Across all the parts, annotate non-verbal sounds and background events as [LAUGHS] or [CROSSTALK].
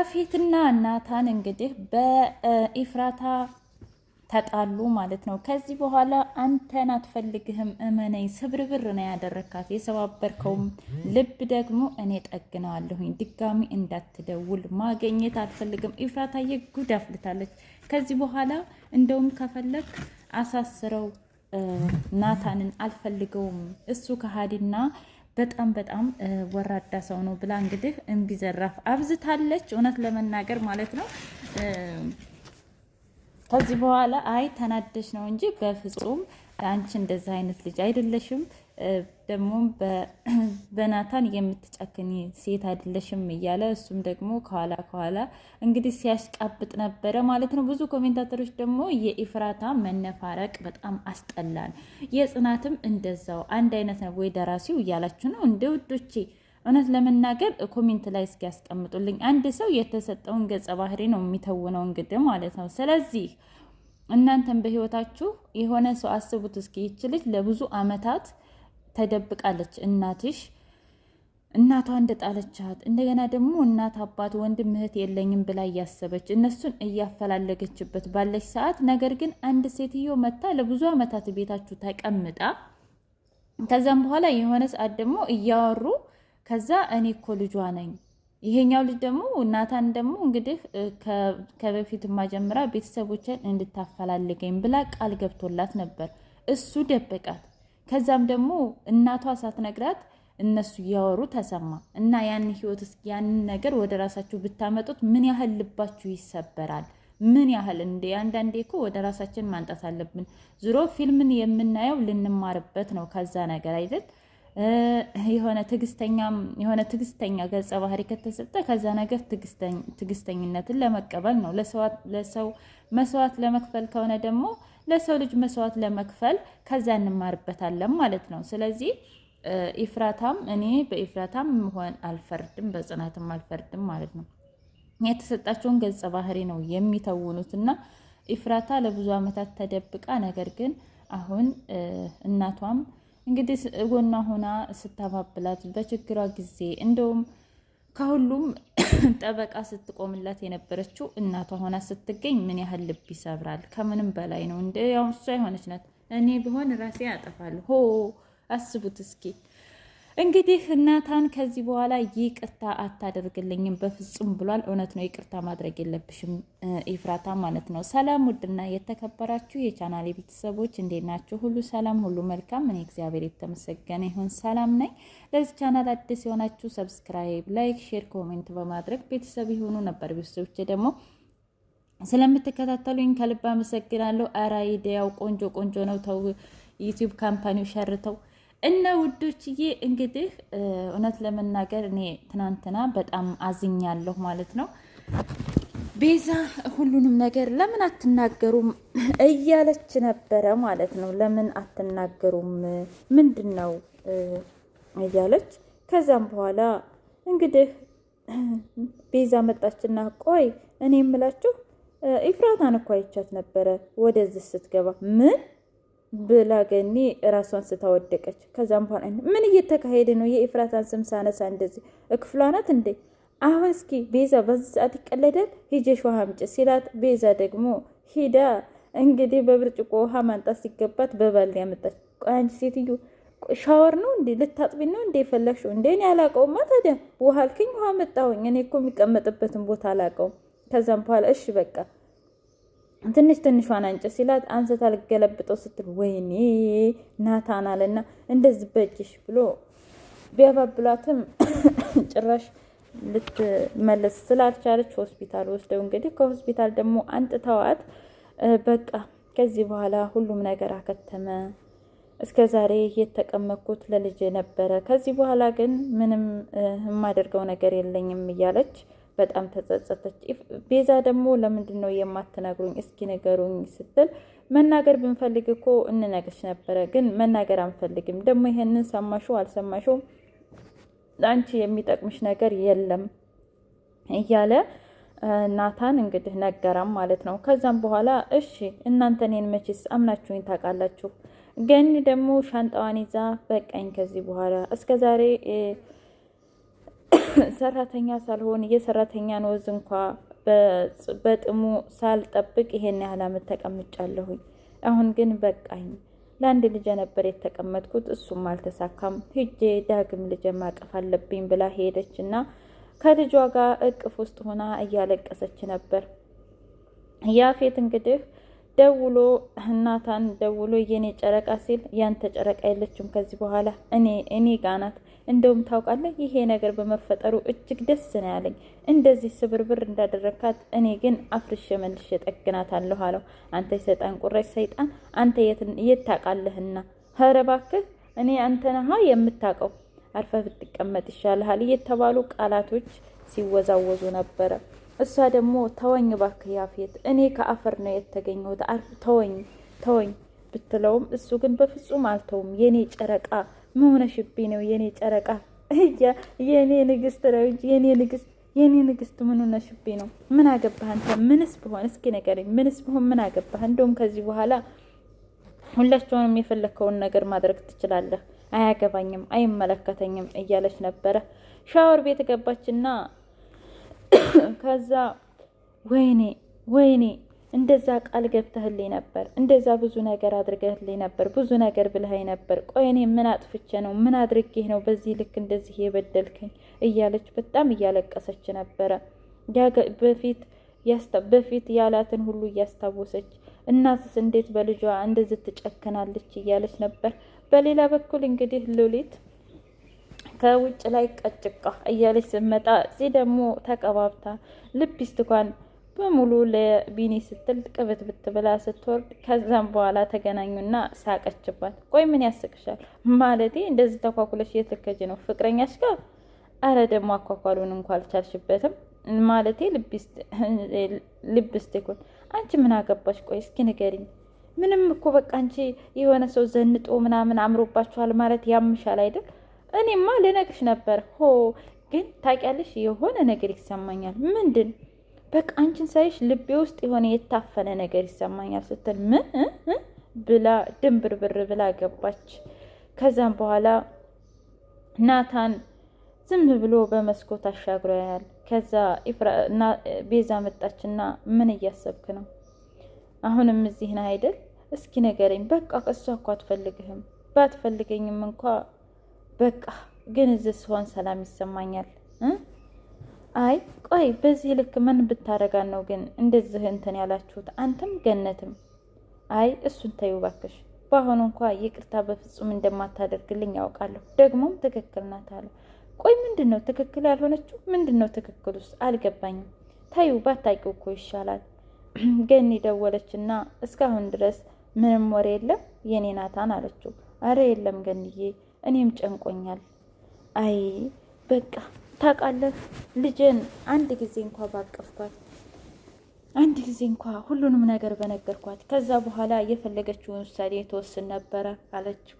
ያፌትና ናታን እንግዲህ በኢፍራታ ተጣሉ ማለት ነው። ከዚህ በኋላ አንተን አትፈልግህም፣ እመነኝ፣ ስብርብር ነው ያደረካት። የሰባበርከውም ልብ ደግሞ እኔ ጠግነዋለሁኝ። ድጋሚ እንዳትደውል ማገኘት አልፈልግም። ኢፍራታ የጉድ አፍልታለች። ከዚህ በኋላ እንደውም ከፈለግ አሳስረው ናታንን አልፈልገውም። እሱ ከሃዲና በጣም በጣም ወራዳ ሰው ነው ብላ እንግዲህ እምቢ ዘራፍ አብዝታለች። እውነት ለመናገር ማለት ነው። ከዚህ በኋላ አይ ተናደሽ ነው እንጂ በፍጹም አንቺ እንደዚህ አይነት ልጅ አይደለሽም ደግሞ [CLEARS THROAT] በናታን የምትጨክኝ ሴት አይደለሽም እያለ እሱም ደግሞ ከኋላ ከኋላ እንግዲህ ሲያስቃብጥ ነበረ ማለት ነው። ብዙ ኮሜንታተሮች ደግሞ የኢፍራታ መነፋረቅ በጣም አስጠላን፣ የጽናትም እንደዛው አንድ አይነት ነው ወይ ደራሲው እያላችሁ ነው እንደ ውዶቼ። እውነት ለመናገር ኮሜንት ላይ እስኪ ያስቀምጡልኝ። አንድ ሰው የተሰጠውን ገጸ ባህሪ ነው የሚተውነው እንግዲህ ማለት ነው። ስለዚህ እናንተም በህይወታችሁ የሆነ ሰው አስቡት እስኪ ይች ልጅ ለብዙ አመታት ተደብቃለች እናትሽ እናቷ እንደጣለቻት እንደገና ደግሞ እናት አባት ወንድም እህት የለኝም ብላ እያሰበች እነሱን እያፈላለገችበት ባለች ሰዓት፣ ነገር ግን አንድ ሴትዮ መታ ለብዙ ዓመታት ቤታችሁ ተቀምጣ ከዛም በኋላ የሆነ ሰዓት ደግሞ እያወሩ ከዛ እኔ እኮ ልጇ ነኝ ይሄኛው ልጅ ደግሞ እናታን ደግሞ እንግዲህ ከበፊት ማጀምራ ቤተሰቦችን እንድታፈላልገኝ ብላ ቃል ገብቶላት ነበር። እሱ ደበቃት። ከዛም ደግሞ እናቷ ሳትነግራት እነሱ እያወሩ ተሰማ እና ያን ህይወት እስኪ ያንን ነገር ወደ ራሳችሁ ብታመጡት ምን ያህል ልባችሁ ይሰበራል? ምን ያህል እንደ አንዳንዴ እኮ ወደ ራሳችን ማንጣት አለብን። ዙሮ ፊልምን የምናየው ልንማርበት ነው ከዛ ነገር አይደል? የሆነ ትግስተኛ የሆነ ትግስተኛ ገጸ ባህሪ ከተሰጠ ከዛ ነገር ትግስተኝነትን ለመቀበል ነው። ለሰው መስዋዕት ለመክፈል ከሆነ ደግሞ ለሰው ልጅ መስዋዕት ለመክፈል ከዛ እንማርበታለን ማለት ነው። ስለዚህ ኢፍራታም እኔ በኢፍራታም መሆን አልፈርድም፣ በጽናትም አልፈርድም ማለት ነው። የተሰጣቸውን ገጸ ባህሪ ነው የሚተውኑት እና ኢፍራታ ለብዙ ዓመታት ተደብቃ ነገር ግን አሁን እናቷም እንግዲህ ጎኗ ሆና ስታባብላት በችግሯ ጊዜ እንደውም ከሁሉም ጠበቃ ስትቆምላት የነበረችው እናቷ ሆና ስትገኝ ምን ያህል ልብ ይሰብራል። ከምንም በላይ ነው። እንደ ያው እሷ የሆነች ናት። እኔ ብሆን ራሴ አጠፋለሁ። ሆ አስቡት እስኪ። እንግዲህ እናታን ከዚህ በኋላ ይቅርታ አታደርግልኝም በፍጹም ብሏል። እውነት ነው፣ ይቅርታ ማድረግ የለብሽም ኢፍራታ ማለት ነው። ሰላም ውድና የተከበራችሁ የቻናሌ ቤተሰቦች እንዴት ናችሁ? ሁሉ ሰላም፣ ሁሉ መልካም። እኔ እግዚአብሔር የተመሰገነ ይሁን ሰላም ነኝ። ለዚህ ቻናል አዲስ የሆናችሁ ሰብስክራይብ፣ ላይክ፣ ሼር፣ ኮሜንት በማድረግ ቤተሰብ የሆኑ ነበር ቤተሰቦች ደግሞ ስለምትከታተሉኝ ከልብ አመሰግናለሁ። አራይዲያው ቆንጆ ቆንጆ ነው። ተው ዩቲዩብ ካምፓኒው ሸርተው እና ውዶችዬ እንግዲህ እውነት ለመናገር እኔ ትናንትና በጣም አዝኛለሁ ማለት ነው። ቤዛ ሁሉንም ነገር ለምን አትናገሩም እያለች ነበረ ማለት ነው። ለምን አትናገሩም ምንድን ነው እያለች ከዛም በኋላ እንግዲህ ቤዛ መጣችና ቆይ እኔ የምላችሁ ኢፍራታን እኮ አይቻት ነበረ ወደዚህ ስትገባ ምን ብላ ገኒ ራሷን ስታወደቀች። ከዛም በኋላ ምን እየተካሄደ ነው? የኢፍራታን ስም ሳነሳ እንደዚህ እክፍሏ ናት እንዴ? አሁን እስኪ ቤዛ በዚህ ሰዓት ይቀለዳል፣ ሂጀሽ ውሃ አምጪ ሲላት፣ ቤዛ ደግሞ ሂዳ እንግዲህ በብርጭቆ ውሃ ማንጣት ሲገባት በባል ያመጣች። አንቺ ሴትዮ ሻወር ነው እንዴ ልታጥቢ ነው እንዴ የፈለግሽው? እንዴ እኔ አላውቀውማ። ታዲያ ውሃ ውሃ መጣሁኝ። እኔ እኮ የሚቀመጥበትን ቦታ አላውቀውም። ከዛም በኋላ እሺ በቃ ትንሽ ትንሿን አንጭ ሲላት አንስታ ልገለብጠው ስትል ወይኔ ናታን አለና እንደዚህ በእጅሽ ብሎ ቢያባብሏትም [COUGHS] ጭራሽ ልትመለስ ስላልቻለች ሆስፒታል ወስደው እንግዲህ ከሆስፒታል ደግሞ አንጥተዋት በቃ ከዚህ በኋላ ሁሉም ነገር አከተመ። እስከ ዛሬ የተቀመኩት ለልጅ ነበረ። ከዚህ በኋላ ግን ምንም የማደርገው ነገር የለኝም እያለች በጣም ተጸጸተች። ቤዛ ደግሞ ለምንድን ነው የማትነግሩኝ እስኪ ንገሩኝ ስትል መናገር ብንፈልግ እኮ እንነግርሽ ነበረ፣ ግን መናገር አንፈልግም። ደግሞ ይሄንን ሰማሹ አልሰማሹ ለአንቺ የሚጠቅምሽ ነገር የለም እያለ ናታን እንግዲህ ነገራም ማለት ነው። ከዛም በኋላ እሺ እናንተ እኔን መቼስ አምናችሁኝ ታውቃላችሁ። ገኒ ደግሞ ሻንጣዋን ይዛ በቃኝ ከዚህ በኋላ እስከ ዛሬ ሰራተኛ ሳልሆን የሰራተኛን ወዝ እንኳ በጥሙ ሳልጠብቅ ይሄን ያህል አመት ተቀምጫለሁኝ። አሁን ግን በቃኝ። ለአንድ ልጄ ነበር የተቀመጥኩት፣ እሱም አልተሳካም። ሂጄ ዳግም ልጄ ማቀፍ አለብኝ ብላ ሄደች እና ከልጇ ጋር እቅፍ ውስጥ ሆና እያለቀሰች ነበር። ያፌት እንግዲህ ደውሎ እናታን ደውሎ የኔ ጨረቃ ሲል ያንተ ጨረቃ የለችም ከዚህ በኋላ እኔ እኔ እንደውም ታውቃለህ፣ ይሄ ነገር በመፈጠሩ እጅግ ደስ ነው ያለኝ። እንደዚህ ስብርብር እንዳደረካት እኔ ግን አፍርሼ መልሼ ጠግናታለሁ አለው። አንተ የሰይጣን ቁራጭ ሰይጣን፣ አንተ የት ታውቃለህና? ኧረ እባክህ እኔ አንተ ነሃ የምታውቀው። አርፈህ ብትቀመጥ ይሻልሃል የተባሉ ቃላቶች ሲወዛወዙ ነበረ። እሷ ደግሞ ተወኝ እባክህ ያፌት፣ እኔ ከአፈር ነው የተገኘሁት። ተወኝ ተወኝ ብትለውም እሱ ግን በፍጹም አልተውም። የኔ ጨረቃ መሆነሽብኝ ነው የኔ ጨረቃ [LAUGHS] የኔ ንግስት ነው እንጂ የኔ ንግስት የኔ ንግስት ምን ሆነሽብኝ ነው? ምን አገባህ አንተ? ምንስ ብሆን እስኪ ንገረኝ፣ ምንስ ብሆን ምን አገባህ? እንደውም ከዚህ በኋላ ሁላቸውንም የፈለግከውን ነገር ማድረግ ትችላለህ፣ አያገባኝም፣ አይመለከተኝም እያለች ነበረ። ሻወር ቤት ገባችና [COUGHS] ከዛ ወይኔ ወይኔ እንደዛ ቃል ገብተህልኝ ነበር፣ እንደዛ ብዙ ነገር አድርገህልኝ ነበር፣ ብዙ ነገር ብለኸኝ ነበር። ቆይ እኔ ምን አጥፍቼ ነው? ምን አድርጌህ ነው በዚህ ልክ እንደዚህ የበደልከኝ? እያለች በጣም እያለቀሰች ነበረ። በፊት በፊት ያላትን ሁሉ እያስታወሰች እናትስ እንዴት በልጇ እንደዚህ ትጨክናለች እያለች ነበር። በሌላ በኩል እንግዲህ ሉሊት ከውጭ ላይ ቀጭቃ እያለች ስትመጣ እዚህ ደግሞ ተቀባብታ ልፕስቲኳን በሙሉ ለቢኒ ስትል ቅብት ብትብላ ስትወርድ፣ ከዛም በኋላ ተገናኙና ሳቀችባት። ቆይ ምን ያስቅሻል? ማለቴ እንደዚህ ተኳኩለሽ እየተከጅ ነው ፍቅረኛሽ ጋር? አረ ደግሞ አኳኳሉን እንኳ አልቻልሽበትም። ማለቴ ልብ [LAUGHS] ስቴኮን አንቺ ምን አገባሽ? ቆይ እስኪ ንገሪኝ። ምንም እኮ በቃ አንቺ የሆነ ሰው ዘንጦ ምናምን አምሮባችኋል ማለት ያምሻል አይደል? እኔማ ልነቅሽ ነበር ሆ ግን ታውቂያለሽ፣ የሆነ ነገር ይሰማኛል። ምንድን በቃ አንቺን ሳይሽ ልቤ ውስጥ የሆነ የታፈነ ነገር ይሰማኛል ስትል ምን ብላ ድንብርብር ብላ ገባች። ከዛም በኋላ ናታን ዝም ብሎ በመስኮት አሻግሮ ያያል። ከዛ ቤዛ መጣችና ምን እያሰብክ ነው? አሁንም እዚህ ነህ አይደል? እስኪ ንገረኝ። በቃ እሷ እኮ አትፈልግህም። ባትፈልገኝም እንኳ በቃ ግን እዚህ ስሆን ሰላም ይሰማኛል። አይ ቆይ በዚህ ልክ ምን ብታረጋን ነው ግን እንደዚህ እንትን ያላችሁት? አንተም ገነትም። አይ እሱን ተይው እባክሽ፣ በአሁኑ እንኳ ይቅርታ በፍጹም እንደማታደርግልኝ ያውቃለሁ። ደግሞም ትክክል ናት አለ። ቆይ ምንድን ነው ትክክል ያልሆነችው? ምንድን ነው ትክክል አልገባኝም። ተይው ባታቂው እኮ ይሻላል። [CLEARS THROAT] ገኒ ደወለችና እስካሁን ድረስ ምንም ወሬ የለም የኔ ናታን አለችው። አረ የለም ገንዬ፣ እኔም ጨንቆኛል። አይ በቃ ታውቃለህ ልጅን አንድ ጊዜ እንኳ ባቀፍኳት፣ አንድ ጊዜ እንኳ ሁሉንም ነገር በነገርኳት፣ ከዛ በኋላ የፈለገችውን ውሳኔ የተወስን ነበረ አለችው።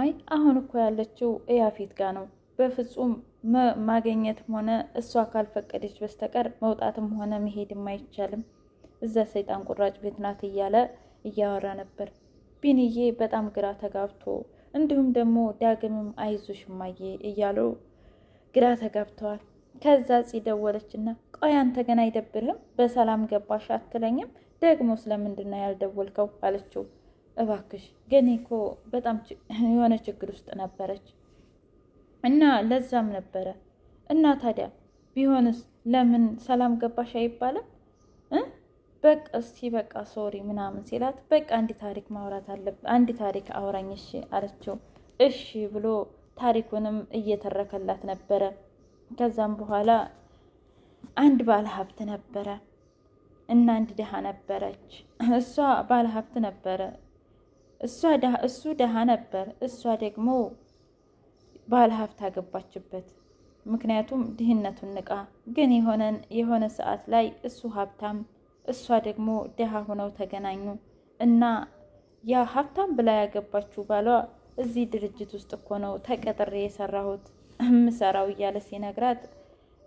አይ አሁን እኮ ያለችው እያፌት ጋር ነው። በፍጹም ማገኘትም ሆነ እሷ ካልፈቀደች በስተቀር መውጣትም ሆነ መሄድም አይቻልም። እዛ ሰይጣን ቁራጭ ቤት ናት እያለ እያወራ ነበር ቢንዬ በጣም ግራ ተጋብቶ እንዲሁም ደግሞ ዳግምም አይዞሽ እማዬ እያሉ ግራ ተጋብተዋል። ከዛ ጽ ደወለችና ቆይ አንተ ገና አይደብርህም? በሰላም ገባሽ አትለኝም? ደግሞ ስለምንድን ነው ያልደወልከው አለችው። እባክሽ ግን እኮ በጣም [CLEARS THROAT] የሆነ ችግር ውስጥ ነበረች እና ለዛም ነበረ እና ታዲያ ቢሆንስ ለምን ሰላም ገባሽ አይባልም? በቃ እስቲ በቃ ሶሪ ምናምን ሲላት፣ በቃ አንድ ታሪክ ማውራት አለብን አንድ ታሪክ አውራኝ እሺ አለችው። እሺ ብሎ ታሪኩንም እየተረከላት ነበረ። ከዛም በኋላ አንድ ባለ ሀብት ነበረ እና አንድ ድሃ ነበረች። እሷ ባለ ሀብት ነበረ፣ እሱ ድሃ ነበር። እሷ ደግሞ ባለ ሀብት አገባችበት። ምክንያቱም ድህነቱን ንቃ። ግን የሆነ ሰዓት ላይ እሱ ሀብታም እሷ ደግሞ ድሃ ሆነው ተገናኙ እና ያ ሀብታም ብላ ያገባችው ባሏ እዚህ ድርጅት ውስጥ እኮ ነው ተቀጥሬ የሰራሁት ምሰራው እያለ ሲነግራት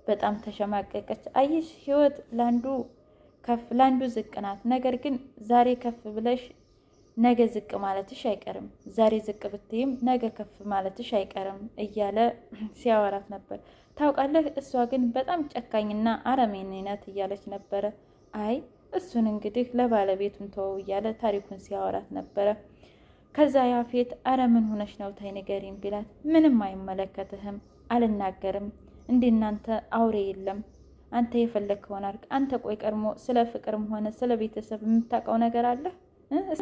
በጣም ተሸማቀቀች። አየሽ ህይወት ለአንዱ ከፍ ለአንዱ ዝቅ ናት። ነገር ግን ዛሬ ከፍ ብለሽ ነገ ዝቅ ማለትሽ አይቀርም፣ ዛሬ ዝቅ ብትይም ነገ ከፍ ማለትሽ አይቀርም እያለ ሲያወራት ነበር። ታውቃለህ፣ እሷ ግን በጣም ጨካኝና አረመኔ ናት እያለች ነበረ። አይ እሱን እንግዲህ ለባለቤቱን ተወው እያለ ታሪኩን ሲያወራት ነበረ። ከዛ ያፌት አረ ምን ሆነሽ ነው ታይ ንገሪኝ ቢላት ምንም አይመለከትህም አልናገርም እንዲናንተ እናንተ አውሬ የለም አንተ የፈለግከውን አድርግ አንተ ቆይ ቀድሞ ስለ ፍቅርም ሆነ ስለ ቤተሰብ የምታውቀው ነገር አለ